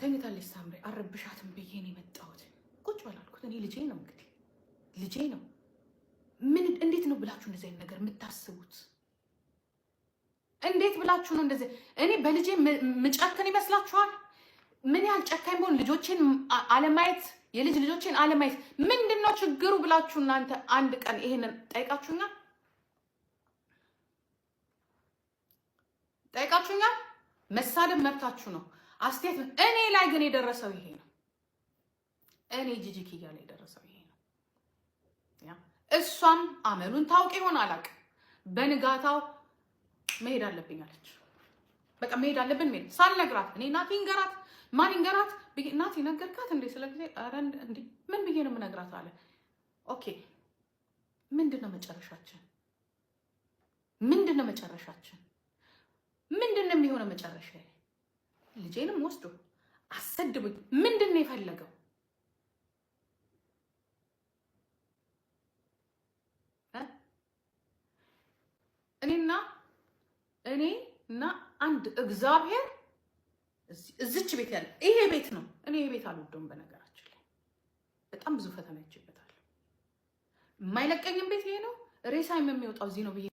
ተኝታለች ሳምሬ አረብሻትም ብዬ ነው የመጣሁት። ቁጭ በላልኩት እኔ ልጄ ነው እንግዲህ ልጄ ነው። ምን እንዴት ነው ብላችሁ እንደዚህ አይነት ነገር የምታስቡት? እንዴት ብላችሁ ነው እንደዚህ? እኔ በልጄ ምጨክን ይመስላችኋል? ምን ያህል ጨካኝ ቢሆን ልጆቼን አለማየት የልጅ ልጆችን አለማየት ምንድን ነው ችግሩ ብላችሁ እናንተ አንድ ቀን ይሄንን ጠይቃችሁኛል? ጠይቃችሁኛል? መሳደብ መብታችሁ ነው። አስቴት እኔ ላይ ግን የደረሰው ይሄ ነው። እኔ ጂጂኪያ ላይ የደረሰው ይሄ ነው። እሷም አመሉን ታውቅ ይሆን አላውቅም። በንጋታው መሄድ አለብኝ አለች። በቃ መሄድ አለብን መሄድ ሳልነግራት እኔ ናቲ ንገራት ማን ንገራት ናቲ ነገርካት እንዴ? ስለ ጊዜ እንዲ ምን ብዬ ነው የምነግራት አለ። ኦኬ ምንድን ነው መጨረሻችን? ምንድን ነው መጨረሻችን? ምንድን ነው የሚሆነው መጨረሻ ልጄንም ወስዶ አሰድቡኝ። ምንድን ነው የፈለገው? እኔና እኔ እና አንድ እግዚአብሔር እዚች ቤት ያለ ይሄ ቤት ነው። እኔ ይሄ ቤት አልወደውም። በነገራችን ላይ በጣም ብዙ ፈተና ይችበታል። የማይለቀኝም ቤት ይሄ ነው። ሬሳይም የሚወጣው እዚህ ነው ብዬ